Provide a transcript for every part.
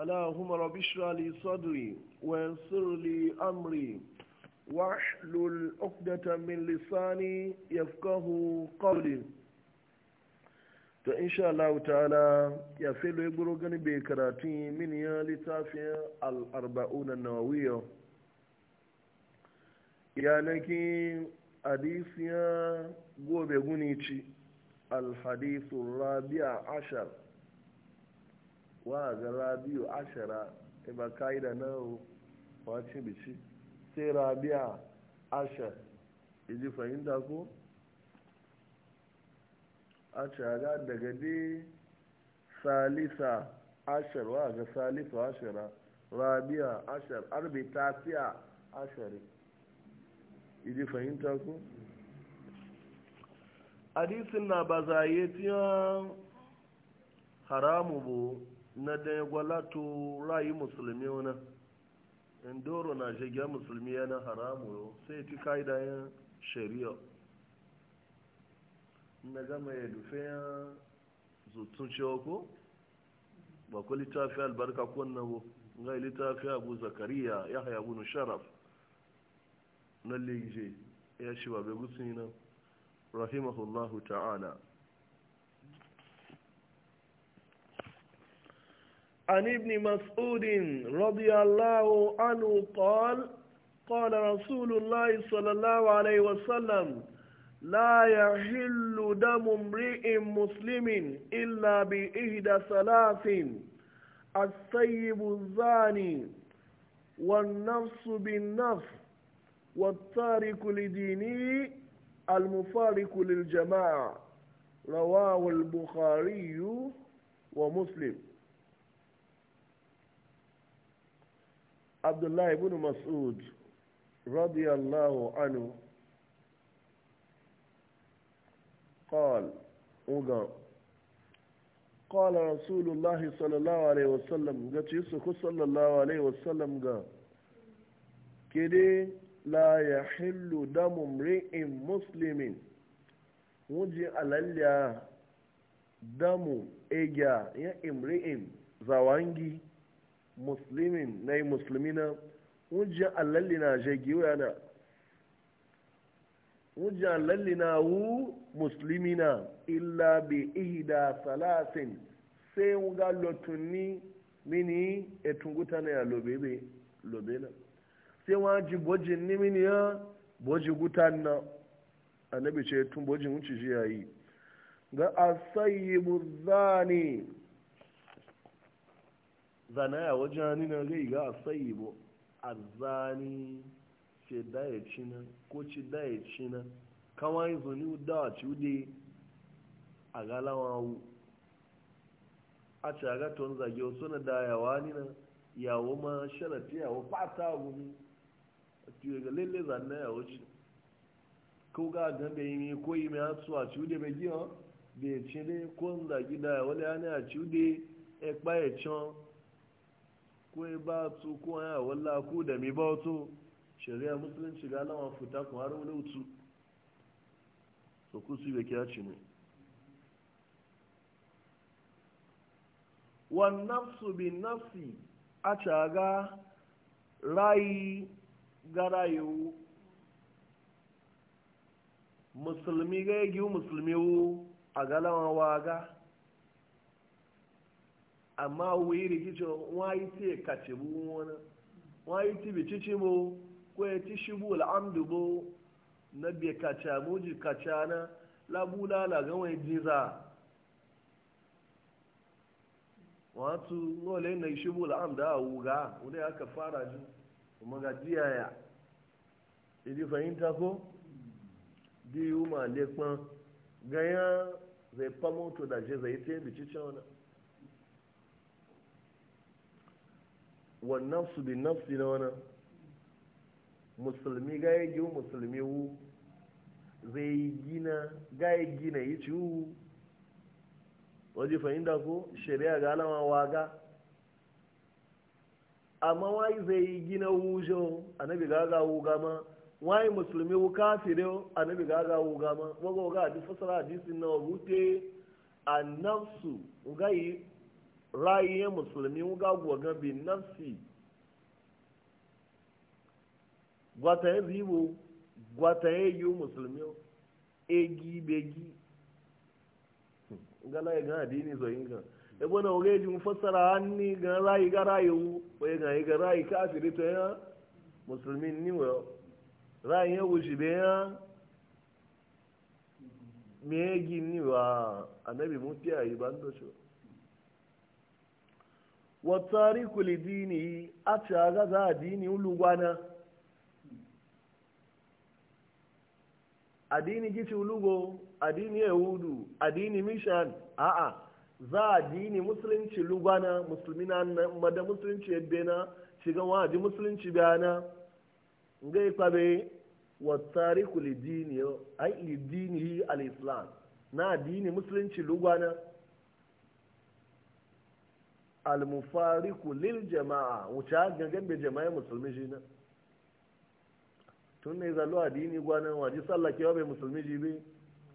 Alaahuma rabi shirali sadiri wen sirri amri wax lul ɔkudata milisani yafukahu kawuli. To in sha Allah wuta ala ya fi lo gani be karatu yi min ya litafi al arba'u na nawiyo. Ya naki hadisi gobe guni ci al hadisi rabi ashar. wa ga rabiu ashara e ba kaida na o wa wacin bici sai rabia ashar iji e fahimta ko ashara daga dai salisa ashar wa ga salisa ashara rabia ashar arbi tafiya ashari iji e fahimta ko hadisin na ba zaye tiyan haramu bu na da ya gwalato rayu musulmi wani indoro na shiga musulmi yana haramu sai fi ka'idayen shari'a na gama ya dufe ya zutun cewa ko ba ku littafi albarka ko nabo ga littafi abu zakariya ya haya bunu sharaf na lije ya shi ba bai gusi na rahimahullahu ta'ala عن ابن مسعود رضي الله عنه قال قال رسول الله صلى الله عليه وسلم لا يحل دم امرئ مسلم إلا بإهدى ثلاث السيب الزاني والنفس بالنفس والتارك لديني المفارق للجماعة رواه البخاري ومسلم abdullahi ibn mas'ud radiyallahu anhu قال وقال قال رسول الله صلى الله عليه وسلم قد يسكو صلى الله عليه وسلم ya كده لا يحل دم امرئ مسلم وجي على دم اجا يا امرئ زوانجي muslimin na yi musulmi na wujjan allalli na shagi yana wujjan allalli na wu musulmi na illa bi ihida salasin sai wuga lotunni mini etunguta na ya lobebe lobena sai ji bojin ni mini ya boji guta na annabi ce tun bojin wuce shi yayi ga asayi burzani zana ya wajen na gai ga sai bo azani ce daya ya cina ko ci da ya cina kawai zuni da ci ude a galawa wu a ci aga ton zage wasu na da yawa ni na yawo ma sharati yawo fata gumi a tiyo ga lalle zana ya wajen ko ga gan yi ko yi mi hatsu a ci ude bai giya da ya cina ko zage da yawa ne a ci ude ya e ya e can ko ya ba su ko ya walla ku da mi ba wato shari'a musulunci ga alama fita kuma har wani wutu so ku su ya ce ne wannan su bi nafsi a caga rayi ga rayu musulmi ga yi musulmi a galawa waga amma wuyi rikicin wayi te kace bu wani wayi ti bi cici bo ko ya ti bu al'amdu bo na bi kaca muji kaca na labula la gawa jiza wato nole na bu al'amdu a wuga wani aka fara ji kuma ga jiyaya idi fahimta ko biyu ma lekpan ganyan zai famoto da je zai te bi wani wannan su bin nafsi na wani musulmi ga ya giwu musulmi wu zai gina ga gina yi ci wu waje fahimta ko shari'a ga alama waga amma wai zai gina wujo annabi ga ga wu gama wai musulmi wu kafire annabi ga wu gama ma wago ga hadisi fasara hadisin na wute a nafsu yi ra'ayin musulmi wuga gwaga bi nafsi gwata ya zibo gwata ya yi musulmi egi begi gala ya gana dini zo yin ga ebo na wuga ji mufassara hannu ga rayi ga rayi wu ko ya gani ga rayi kafiri to ya musulmi ni wa rayi ya wuce be ya me ya gini wa annabi mutiya yi ban da shi watariku dini a caga za a dini ulugwana adini gici ulugo adini yahudu adini mishan a'a za a dini musulunci lugwana musulmina na mada musulunci yadda na shiga wajen musulunci bayana ga ikpabe watariku dini ai dini al-islam na dini musulunci lugwana almufariku lil jama'a wuce gangan bai jama'a musulmi shi na tun ne zalo addini gwanan waje sallah kewa bai musulmi ji bi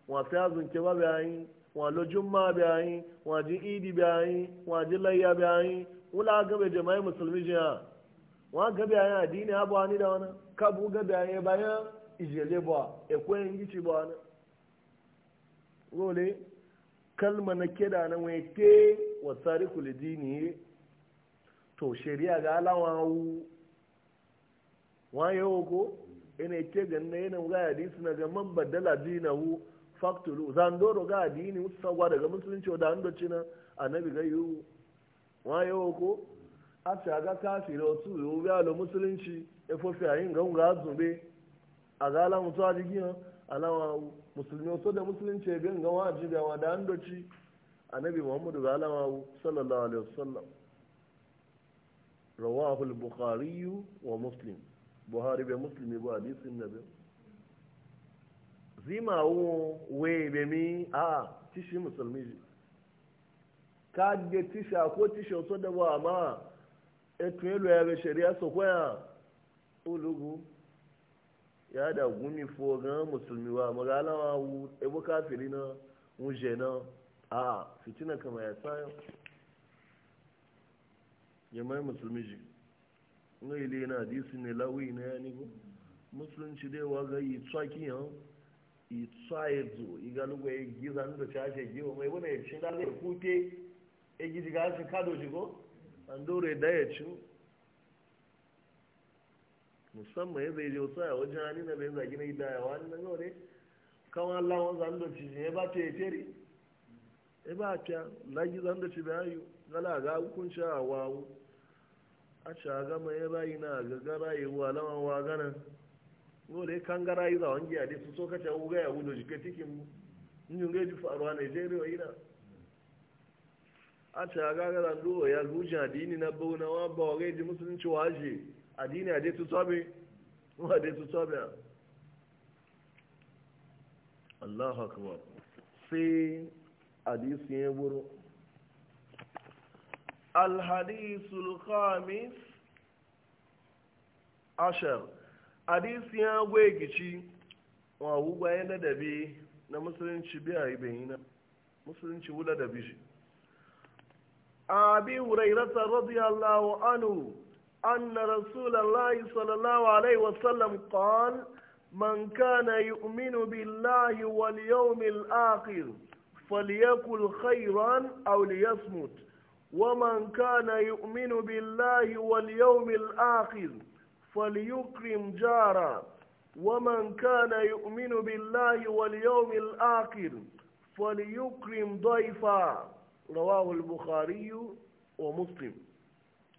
wa fiyazun kewa bai ayin wa lo jumma bai ayin wa ji idi bai ayin wa ji layya bai ayin wula ga bai jama'a musulmi ji ha wa ga bai ayin addini abu ani da wani kabu ga bai ayin bayan ijele ba ekwen gici ba na gole kalma na keda na wa tsariku kulidini to shari'a ga alawawu waye ko ina ke ganna na yana ga hadisi na ga man badala dinahu faktulu zan doro ga adini usagwa daga musulunci da ando cina annabi ga wa waye ko a shaga kafiro su yu ga lo musulunci e fofi ayin ga ga zube a ga ala mutu a alawa musulmi wasu da musulunci bin ga wajibi wa da an annabi muhammadu ga alawa sallallahu alaihi wasallam rawahu al-bukhari wa muslim buhari bai muslimi ba hadisin nabi zima wo we be mi a tishi musulmi ji ka de tisha ko tisha wasu da ba ma etu elu ya be shari'a so ya ulugu ya da gumi fo ga musulmi wa magalawa wu ebo kafiri na wuje na a fitina kama ya sayo ya mai musulmi ji ile na ne lawi na ya nigo musulunci dai wa ga yi tsaki ya yi tsaye zo ya giza giwa mai wani ya ci ya e kado an dore da ya musamman ya zai je wasu a wajen hannu na bai zagi na idaya wani na gaure kawan Allah wani zan da ci ne ba ta yi tere e ba ta lagi zan da ci bayu gala ga hukunci a wawu a ci a gama ya bayi na ga gara yi wa lawan wa gana gaure kan gara yi zawon giya dai su so kace wuga ya wudo jike cikin mu in yi gaji faruwa Nigeria ina a ci a gagara ndo ya guji adini na baunawa ba wa gaji musulunci waje àdínì àdé tuntun mi wọ́n àdé tuntun mi à. allah akbar sai hadisi ya buru alhadisul khamis ashar hadisi ya gwegici wa hugba ya ladabi na musulunci biya ibeyi na musulunci wula da bishi abi hurairata radiyallahu anhu أن رسول الله صلى الله عليه وسلم قال من كان يؤمن بالله واليوم الآخر فليقل خيرا أو ليصمت ومن كان يؤمن بالله واليوم الآخر فليكرم جاره ومن كان يؤمن بالله واليوم الآخر فليكرم ضيفا رواه البخاري ومسلم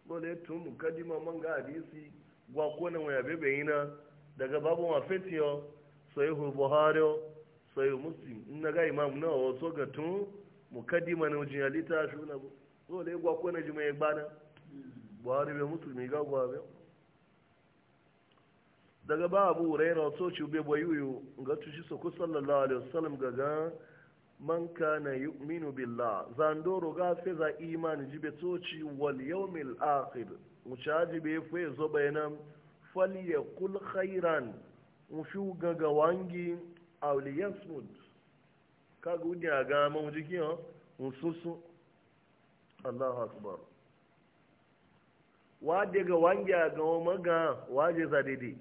dole tun mukaddima manga adiisi hadisi gwa kona waya bebe ina daga babu ma fetiyo sahihul buhari sahih muslim in na ga imam na wato ga tun mukaddima na jin alita shuna ya gwa kona ji mai gbana buhari be muslimi ga gwa be daga babu raina wato ci be boyuyu ga tushi soko sallallahu ala wasallam ga ga man kana yu'minu billah zandoro ga fe za imani jibe toci wal yawmil akhir mucaji be fe zo bayanan falyakul khairan mufi gaga wangi awliyasmud kaga wudi a ga mu jiki ho mususu Allahu akbar wa daga wangi ga maga waje za dede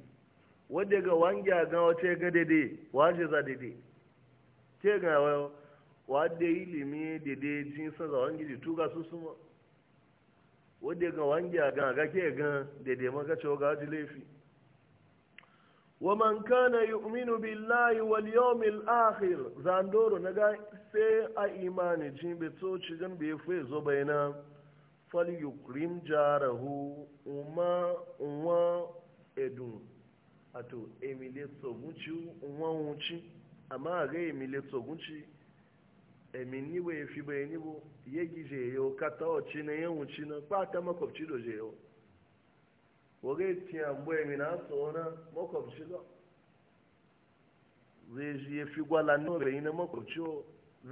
wa daga wangi ga wace ga dede waje za dede ke ga wayo wadda da dai jin san za wangi da tuka su suma wadda ga wangi a gan ga ke gan daidai maka cewa ga ji laifi wa man kana yu'minu billahi wal yawmil akhir zandoro na ga sai a imani jin bai to ci gan be fe zo bayana fal yukrim jarahu umma uma edun ato emile sogunci umma unci amma ga emile sogunci emin nibo ya fi bai nibo ya gije yau kata oci na yawon ci na kpata makwabci doje yau wage tiya mbo emi na so na makwabci ga zai ji ya fi gwala be bai na makwabci o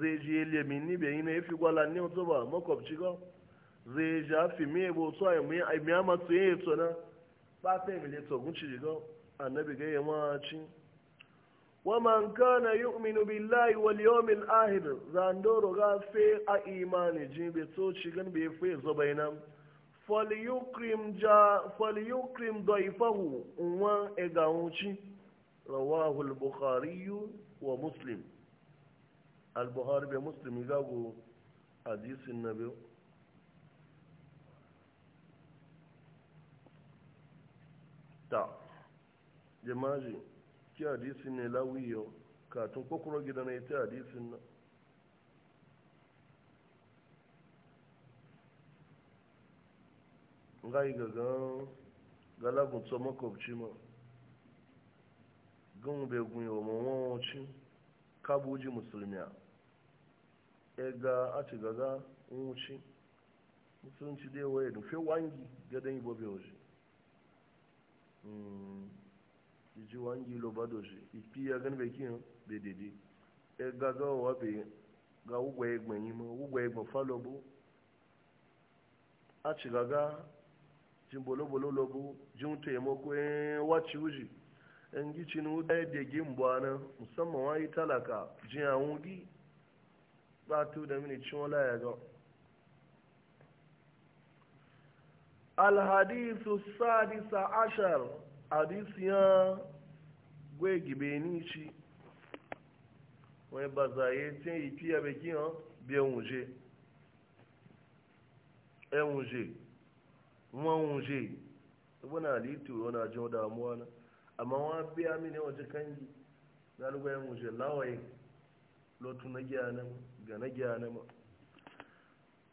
zai ji ya mini ni bai na ya fi gwala ni o e e ba makwabci ga zai ji a fi mi ebo so a e mi ama so ya yi so na kpata emi le to gunci ga annabi ga yamma cin waman kana yu'minu billahi wal yawmil akhir zandoro ga fe a imani jin be to shigan be fe zo bainam falyukrim ja falyukrim daifahu wa egawuci rawahu al bukhari wa ta ki hadisin ne lawiyo katun kokoro gida na ita hadisin nan gai gagan galagun tso makwabci ma gan bai gunyo mawawacin kabuji musulmiya e ga a ci gaga nwuci musulunci dai waye nufe wangi gadon ibo bai waje ji loba lo ba ipi ya gan beki yan be dede e gaga wa be ga ugwa egbe yi ma ugwa egbe falobu bu a ci gaga jin bolo bolo lo bu ko e en wace uji en gi ci nu da e mbwana musamman wa yi talaka jin awun gi ba da mini cin wala ya ga الحديث السادس عشر حديث يا gwe gibe ni shi wani ba zaye tin yi fiye bai kiyan biyan wuje ɗan e wuje wọn wuje ibu na litu wani ajiyar damuwa na amma wa biya mini waje kangi na lugwa yan wuje lawaye lotu na giya na ga na giya na ma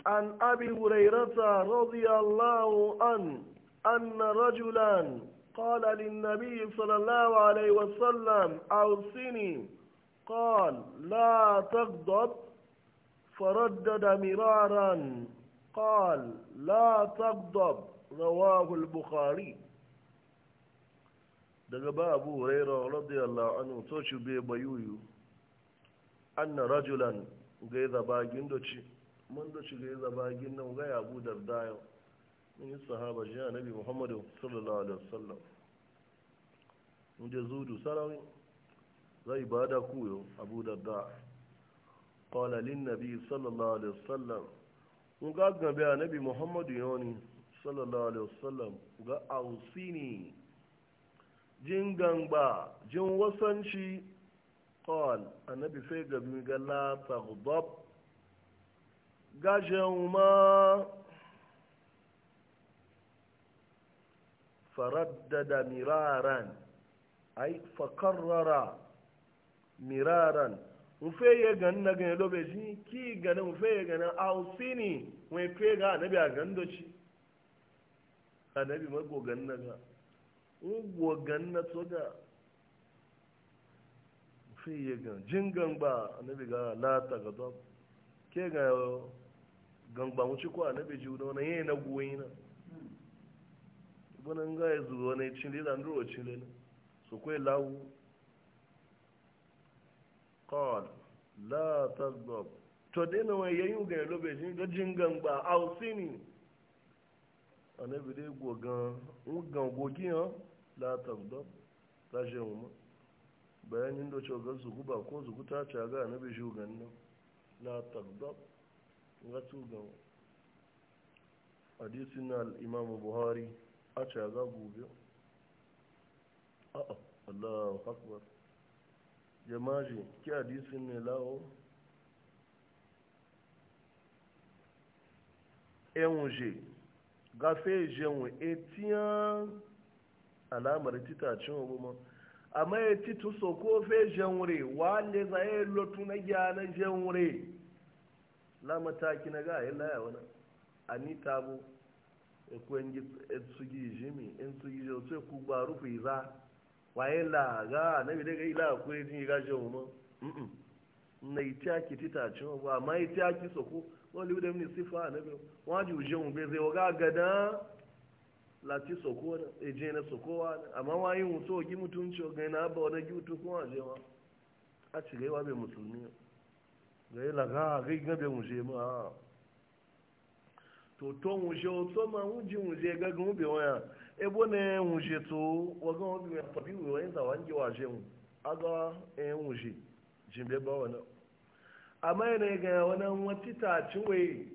an abi hurairata radiyallahu an anna rajulan قال للنبي صلى الله عليه وسلم أوصني قال لا تغضب فردد مرارا قال لا تغضب رواه البخاري daga ba abu huraira radiyallahu anhu to ci be bayuyu anna rajulan ga ya zaba gindoci mun doci ga ya zaba ginnan ga ya abu dardayo min sahaba ji annabi muhammadu sallallahu alaihi wasallam inda zudu sarawi zai bada kuyo abu darda qala lin nabi sallallahu alaihi wasallam mun ga gabe annabi muhammadu yoni sallallahu alaihi wasallam ga ausini jin gangba jin wasanci qal annabi sai gabi ga la taghdab gajen ma faraddada miraran ai fakarrara miraran nfe ye gan na gan lobe ji ki gan nfe ye gan ausini we pe ga anabi a gan doci anabi ma go gan na ga go gan na to ga nfe ye gan jingan ba anabi ga la ta ga do ke ga gan ba mu ci ko anabi ji wona ye na goyina na bana nga ya zuwa na cile da nduro cile na su kwe lawu qal la taghdab to dena wa yayu ga lobe jin ga jingan ba ausini anabi dai gogan ugan gogi ha la taghdab ta je ma bayanin da cewa ga zugu ba ko zugu ta ta ga anabi shugan nan la taghdab ga su ga hadisin al-imam buhari a ce za gobe a'a allahu akbar jamaji ki hadisin ne lawo enwuje gafe jenwe etiyan alamar titacin obuma amma ya titu so ko fe jenwure wale za ya e lotu na gyana jenwure lamataki na ga yi e laya wani anita bu ekwengi etsugijimi entsugije ku kugba rufu iza waye la ga na bi daga ila kure ni ga je mu na ite aki tita cin ba ma ite aki soko wani da mini e sifa na bi waji uje mu be zai waga gada so ku na eje na ku wa amma wayi mu so gi mutunci ga na ba wani gi mutu ku kuma je wa a ci gaiwa be musulmi ga ila ga ga ga be mu je ma to to wuje o to ma wuje wuje ga gun bi waya e bo ne wuje to wa gun bi wa pa bi wa yin za wan ji wa je mu aga e wuje jin be ba wana amma e ne ga wannan wati ta ci we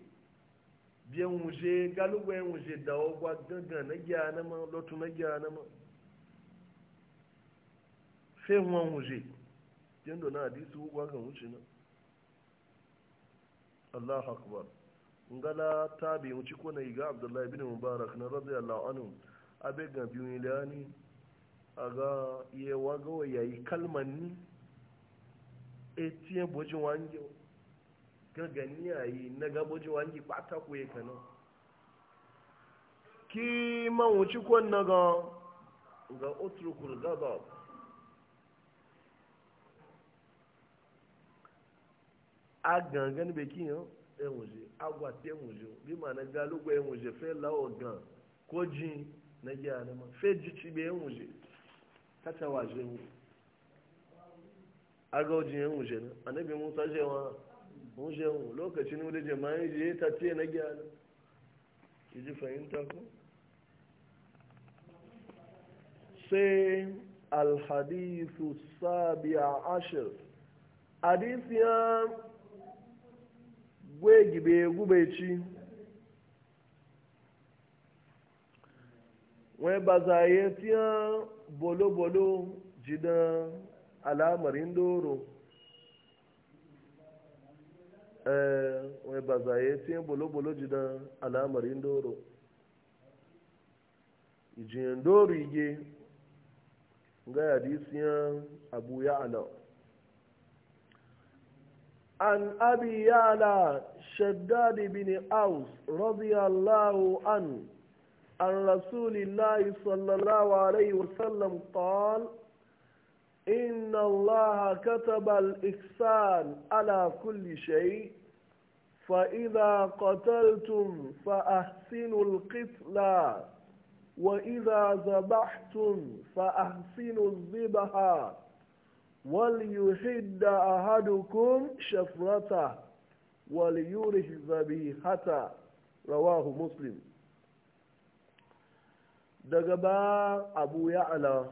bi wuje ga lu we wuje da o gwa gangan na gya na ma lotu na gya na ma fe mu wuje jin do na hadisi gwa ga wuce na Allahu akbar ngala tabi mu ci na iga abdullahi bin mubarak na radiyallahu anhu abe ga biyu ilani aga ye wago yayi kalman ni etiye boji wangi ga gani yi na ga boji wangi bata ku ya kana ki ma mu ci kona ga ga utrukul ghadab a gangan bekin yau enwuje agwa ti enwuje bi ma na galugo enwuje fe lawo gan ko jin na gi anama fe ji ci be enwuje tata wa je wu aga anabi musa je wa mun je wu lokacin wuri jama'i je ta ce na gi anama ji fahimta ko gwegi bai gube ci echi ba za a yi tiya bolo-bolo jidan ala doro wani ba za a yi tiya bolo-bolo jidan abu ya عن أبي يعلى شداد بن أوس رضي الله عنه عن رسول الله صلى الله عليه وسلم قال إن الله كتب الإحسان على كل شيء فإذا قتلتم فأحسنوا القتل وإذا ذبحتم فأحسنوا الذبحى وليحد أحدكم شفرته وليورث hata رواه مسلم Da gaba abu ya ala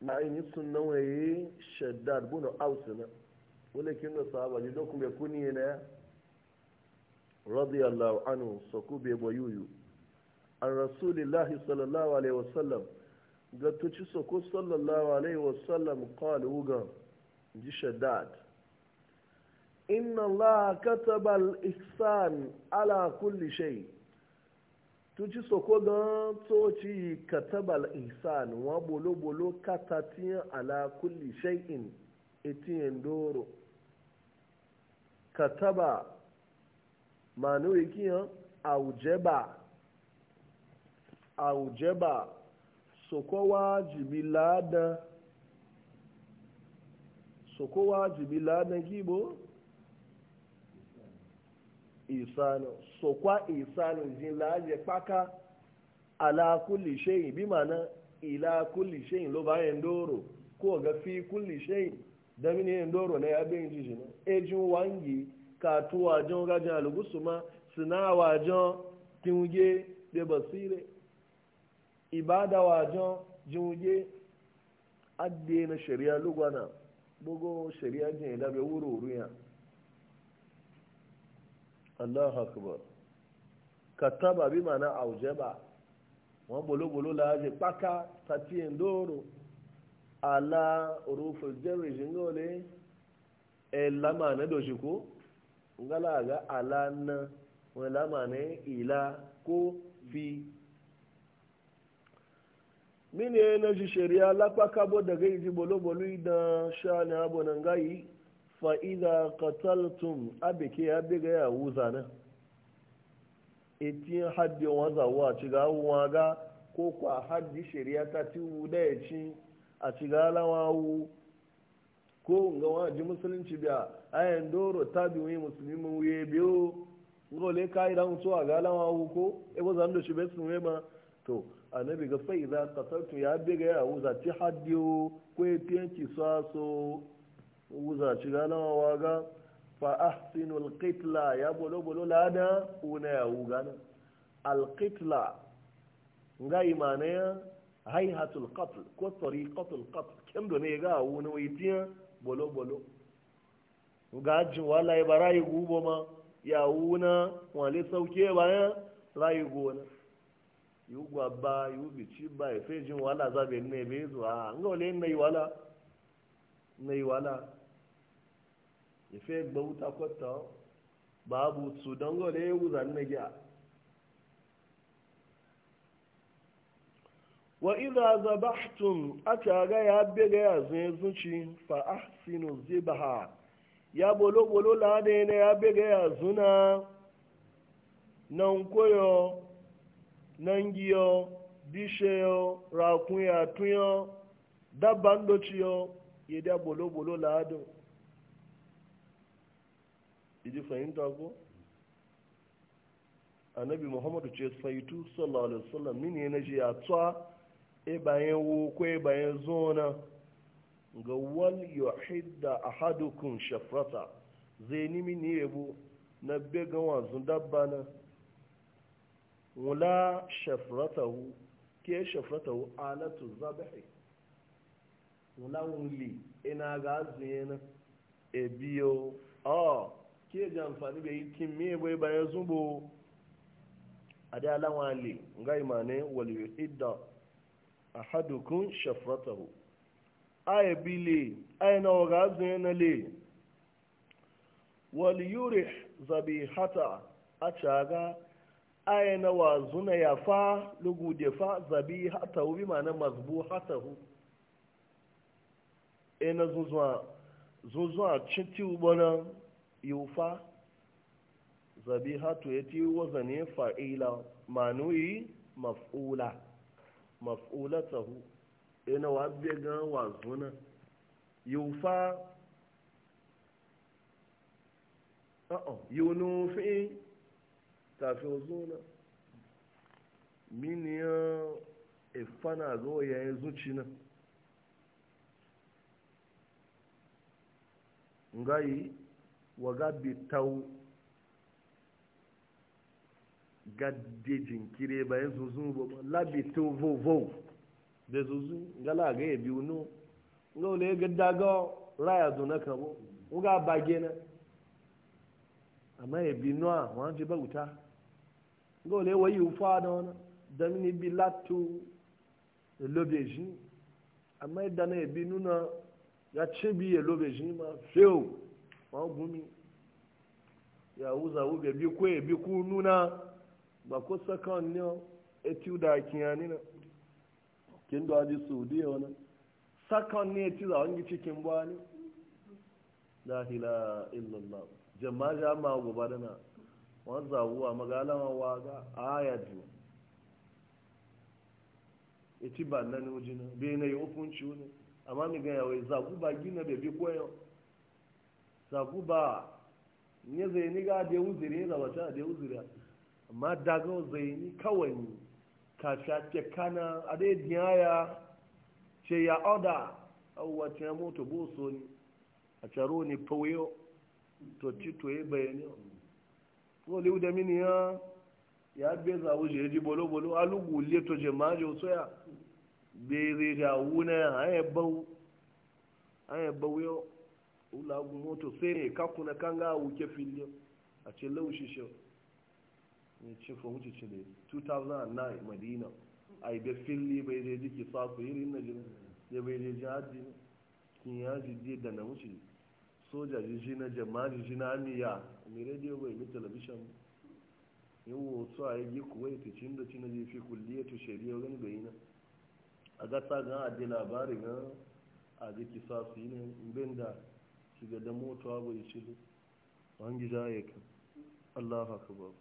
na ainihin sunan waye shaddad bunu ausina wale kin da sahaba ji dokun bai kuniye na radiyallahu anhu saku bai bayuyu an rasulillahi sallallahu alaihi wasallam ga tuci soko sallallahu alaihi wasallam qala uga ji shaddad inna allaha kataba al-ihsan ala kulli shay tuci soko ga toci kataba al-ihsan wa bolo bolo katatiyan ala kulli shay'in doro kataba manu ikiyan aujeba aujeba sokowa wajibi ladan gibo isanu sokwa isanu jin laje paka ala kulli bi mana ila kulli shay'in lo ba endoro ko ga fi kulli shay'in da mini endoro na ya ben jiji na ejin wangi ka tuwa jon ga alugusu ma sinawa wa jon tinje de basire ibada wajen jinwuge adde na shari'a lugwana bugu shari'a jin ilabe wuri-wuriya allah akbar kataba bi mana aujeba wọn bolobolo laaje paka tati ndoro ala orufo jerry jingole ela mana dojiko ngala ala na wọn la ne ila ko fi mini na ji shari'a lakpa kabo daga iji bolo-bolo idan shani abu nan gayi fa'iza kataltum abeke ya bega ya wuza na etin haddi waza wa ci ga wa ga ko kwa haddi sheria ta ti wuda ya ci a ci ga lawa wu ko nga wa ji musulunci biya ayan doro ta bi wani musulmi wuye biyo ngole ka idan so a ga lawa wu ko e bo zan do shi be sun ma to annabi ga fa idza qataltu ya biga ya wuza ti hadiyo ko yanki saso wuza ci galawa waga fa ahsinu alqitla ya bolo bolo lada una ya wugana alqitla nga imana ya hayhatul qatl ko tariqatul qatl kem do ne ga wuna witiya bolo bolo ga ji wala ibarayi gubo ma ya wuna wale sauke bayan rayu gona Yiwu gwaba yiwu bici ba ya fe jin wala za bai ne bai zuwa an ga wale na wala na wala ya fe gba wuta kwata babu su don ga wale ya wuza na gya wa idha zabahtum aka ga ya bega ya zai zuci fa ahsinu zibaha ya bolo bolo la ne ya bega ya zuna nan koyo nangiyo bisheyo rakunya tuyo dabban dociyo ya da bolo-bolo ladin iji fahimta ko annabi muhammadu ce faitu sallallahu alaihi wasallam ni ne na ji a tsa e bayan wo ko e bayan zona ga wal yuhidda ahadukum shafrata zai ni mini ne yabo na be ga wanzu dabba na wula shafratahu ke shafratahu alatu zabahi wula wuli ina ga zuye ebiyo a ke ji amfani da yi kin me bai bayan zubo a da alawa le ga imane waliyu idda a hadukun shafratahu a ebi le a ina ga zuye na le waliyurih zabihata a caga aya na wazuna zuna ya fa lugu de fa zabi hu bi na mazbu hu e na zuzwa zuzuwa cinti ubona yufa zabi hatu ya wazani fa ila manui maf'ula tahu. e na wa biya ga wa zuna yufa uh -oh. yunufi kafin zuna miniyan efana zuwa yayin zuci na ngayi waga bitau gade jinkire bayan zuzun ba labito vovo da zuzun ngala ga ebi biyu no nga wale ya gadda ga raya zuna kabo nga bage na amma ebi biyu no a wani ba wuta gole wayi ufa da wani damini bi latu e lobe shi amma yadda na yabi nuna ya ce bi ya lobe shi ma fiyo ma gumi ya wuza wube bi ko ya bi ku nuna ba ko sakan ne etu da kiyani na kin da ji saudiya wani sakan ne etu da wani cikin bani la ilaha illallah jama'a ma gobadana wazabuwa magalama waga ayatu eti ba nan ujina be na yi hukunci ne amma mi ga yawai zagu ba gina be bi koyo zagu ba ne zai ni ga da uzuri da wata da uzuri amma daga zai ni kawai ni ka shake kana a dai diyaya ce ya oda awwa ce moto boso ni a caro ni fawyo to ci to yi e bayani wọ́n léwu dẹ́mi nìyẹn yà á gbé zàwọ́ jẹ́ di bọ́lọ́bọ́lọ́ alùpùpù lé tọ́jẹ̀ máa jẹ́ òṣọ́ yà béèrè rẹ̀ àwọ̀ náà àyẹ̀ báwò àyẹ̀ báwò yọ wùlàgùn mọ́tò sẹ́yìn kákùnà káńgá àwùjẹ́ fi lé àti lẹ́wù ṣiṣẹ́ ne ce fa wuce ce 2009 madina a yi bai fili bai je jiki sa ku yi rinna jini ya á je jihadi kin yaji je da na wuce soja jiji na jama'a jiji na amiya mai rediyo bai mai talabishin yawo su a yi kuwa ya tici da ci na jefi kulliya ta shari'a wani bai na a gasa gan adi labari gan a ji kisa su yi ne bin da su ga da motawa bai ci lu wani gida ya kan allah haka ba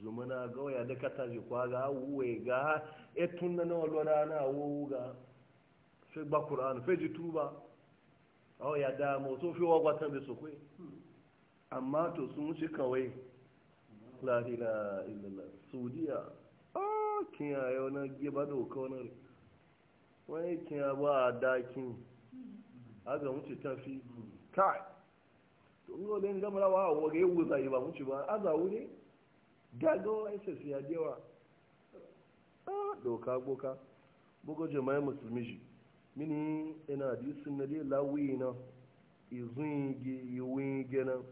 zumana gawaya da kata ji kwa ga wuwe ga etun na nawa lura na wuwu ga fi ba kur'an fi ji tuba àwọn ya damu tó fi wọ́gbà tán bí sòkó Amma tó sun shi kàwé láhìlá ìlàlá saudiya áá kí ayé na gé bá dòkó ọ̀nà rẹ̀ wọ́n kí a bá a aga mu ci tafi kai to yau gama rawa wa ga yau zai ba mu ba aza wuri ss ya dewa a ah, doka goka bugu jama'ai musulmi mini ina di na dai lawi na izun yi yiwin gena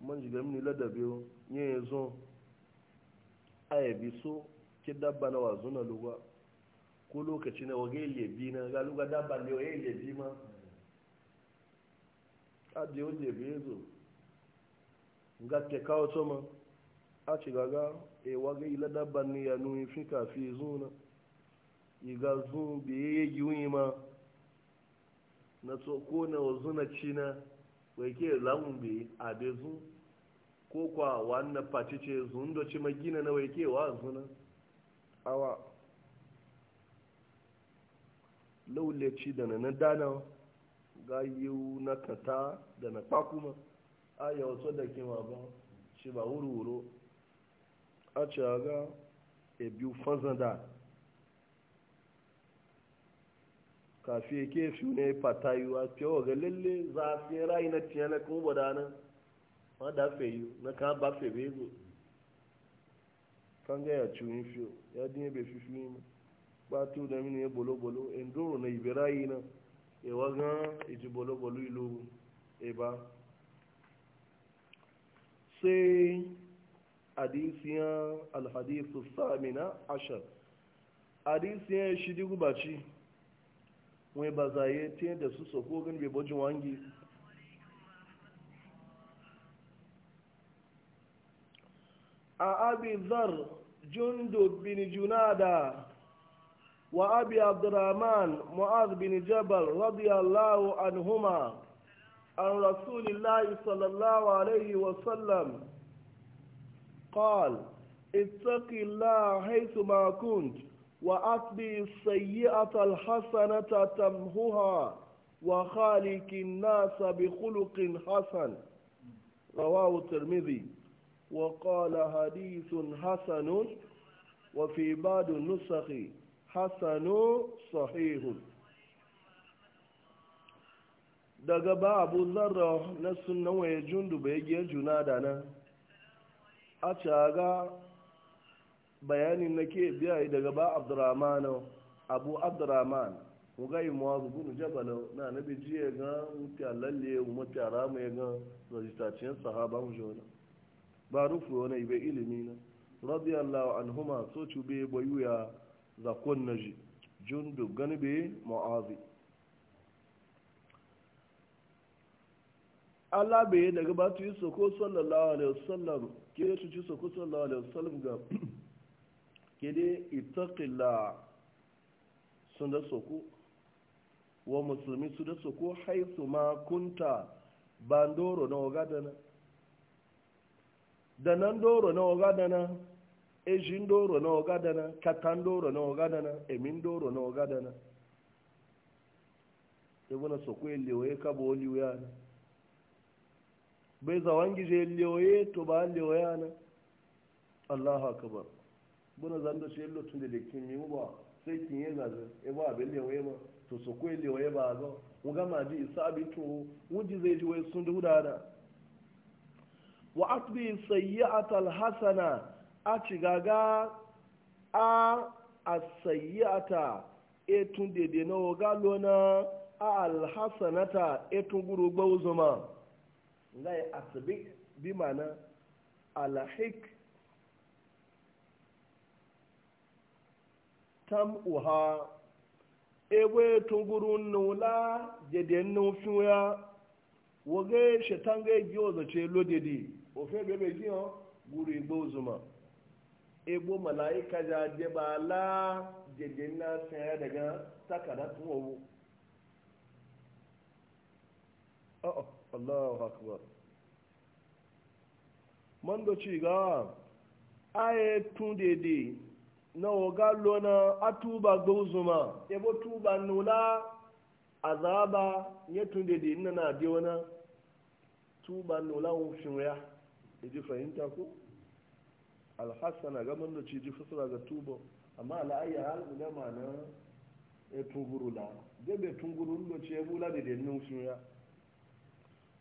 man jiga mini ladabe yin aye bi so ki dabba na wazo na lugwa ko lokaci na wage lebi na ga lugwa dabba ne wa le lebi ma a je waje bi yazo ga te kawo to ma a ci gaga e wage ila dabba ni ya nu fi ka fi zuna iga zo biye giwi ma na tsoko na wazo na cina wai ke lamun bi a bezu ko kwa wannan fati ce zun da ci magina na wai ke wa zuna awa laule ci da na dana ga yi na kata da na kwakuma a yi wasu da ke ma ba shi ba wuri-wuro a a ga ebi fazanda kafi ke fi ne fatayuwa cewa ga lalle za zafi rai na tiya na kuma nan ma da yi na ka ba fe bezo kan ga ya ciwon fiyo ya dinye bai fi fi ma ba tu da mini ya bolo bolo in doro na ibe rai na e waga iji e bolo bolo ilo e ba sai hadisiyan alhadisu samina ashar hadisiyan shi ci mai ba za yi tiyar da su sokogin bai bajin wangi a abizar jundub bin junada wa abi abdurrahman mu'az bin jabal radiyallahu anhuma an rasulillahi sallallahu alaihi wasallam qal ittaqi allah haythu ma kunt وأتبع السيئة الحسنة تمهها وخالق الناس بخلق حسن رواه الترمذي وقال حديث حسن وفي بعض النسخ حسن صحيح daga ابو abu zarra na بيجي waye jundu bayanin na ke biya daga ba abdurrahman abu abdurrahman mugayi muwazu bunu jabalau na nabi jiya ga mutiya lalle a rama ya ga rajistaciyar sahaba mu jona ba rufu wani ibe ilimi na radiyallahu anhuma so cube bayu ya zakon naji jundu gani be mu'azi Allah bai daga batu yi soko sallallahu alaihi wasallam ke su ci soko sallallahu alaihi wasallam ga kede itaƙila sun da soko wa musulmi su da soko haisu ma kunta bandoro na ogadana da nan doro na ogadana ejin doro na ogadana katan doro na ogadana emin doro na ogadana ebona e soko elewe kabo oliweyana bai zawangije elewe to ba ana? allahu akbar buna zando shi yallo tun da da kin yi ba sai kin yi zazen e ba abin lewaye ma to so ko lewaye ba ga mu gama ji isa abin to wuji zai ji wai sun duda da wa atbi sayyi'ata alhasana a gaga a a ta etun dede na ga lona a alhasanata etun guru gbauzuma ngai asbik bi mana alhik sam'uha ewe tunguru nula jede nufin ya wage shetan ga igi ozace lodidi ofe bebe giyan guri igbo zuma egbo mala'ika ja jeba la jede na sanya daga takara tun owo oh, oh, allahu akbar mando ci ga aye tun dede na oga lona atuba gozuma ebo tuba nula azaba nye tun di nna na adi wana tuba nula wufin ya iji fahimta ko alhassan ga mando ci ji fasara ga tuba amma ala'ayya hal guda mana e tunguru la bebe tunguru ndo ci ebu la di ina wufin ya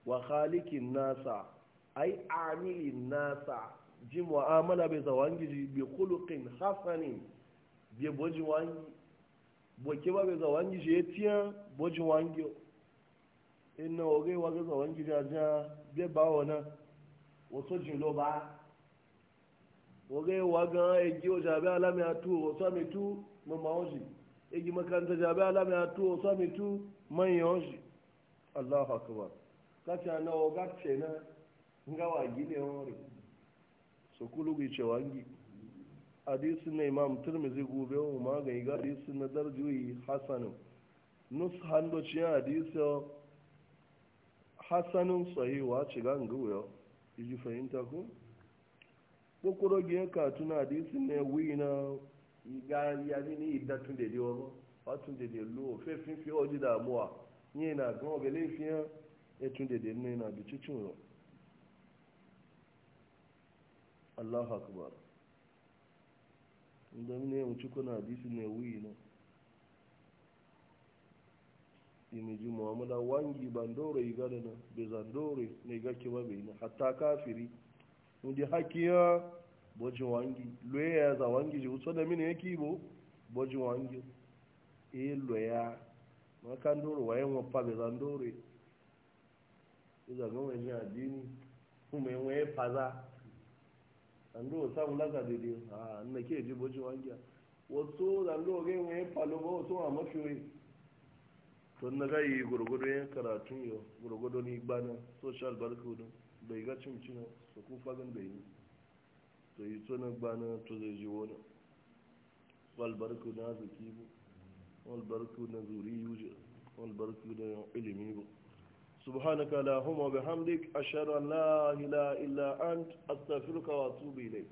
wa khalikin nasa ai amilin nasa ji mu'amala bai zawangi ji bi khuluqin hasanin bi boji wangi boke ba bai zawangi ya yetiya boji wangi inna oge wa ga zawangi ji aja be ba wona wato jin lo ba oge wa ga eji o jabe alami atu o so mi tu mo ma oji eji makanta jabe alami atu o so mi tu man yoji allahu akbar kacha na oga chena ngawa gile ori su kulugu hadisin na imam turmizi gobe ga magani ga hadisin na darjuyi hasanin nus handocin hadisin hasanin sahiwa ci wuyo iji fahimta ko kokoro giyan katuna hadisin na wuyi na iga yami ni idatun da dewa watun lu fefin fi oji damuwa gan obele fiyan etun nina bi allahu akbar don ne mu cikin ne wuyi na mu'amala wangi bandore igale na bezandore na iga kewa na hatta kafiri ndi hakia bojo wangi loya za wangi ji usoda da mini yake wangi e loya makandoro doro wayan wafa bezandore iza gama yin adini kuma faza zando samu laga daidai a na ke ji boji wangiya wasu zando ga yin falo ba wasu ma mafi wai Tun na ga yi gurgudu yin karatun yau gurgudu ni gbana social barcode bai ga cin cin su ku fagen bai ni to yi to na gbana to zai ji wani wal barcode na zaki bu wal barcode na zuri yuje wal barcode na ilimi bu subhanaka la huma bihamdik ashhadu an la ilaha illa ant astaghfiruka wa atubu ilayk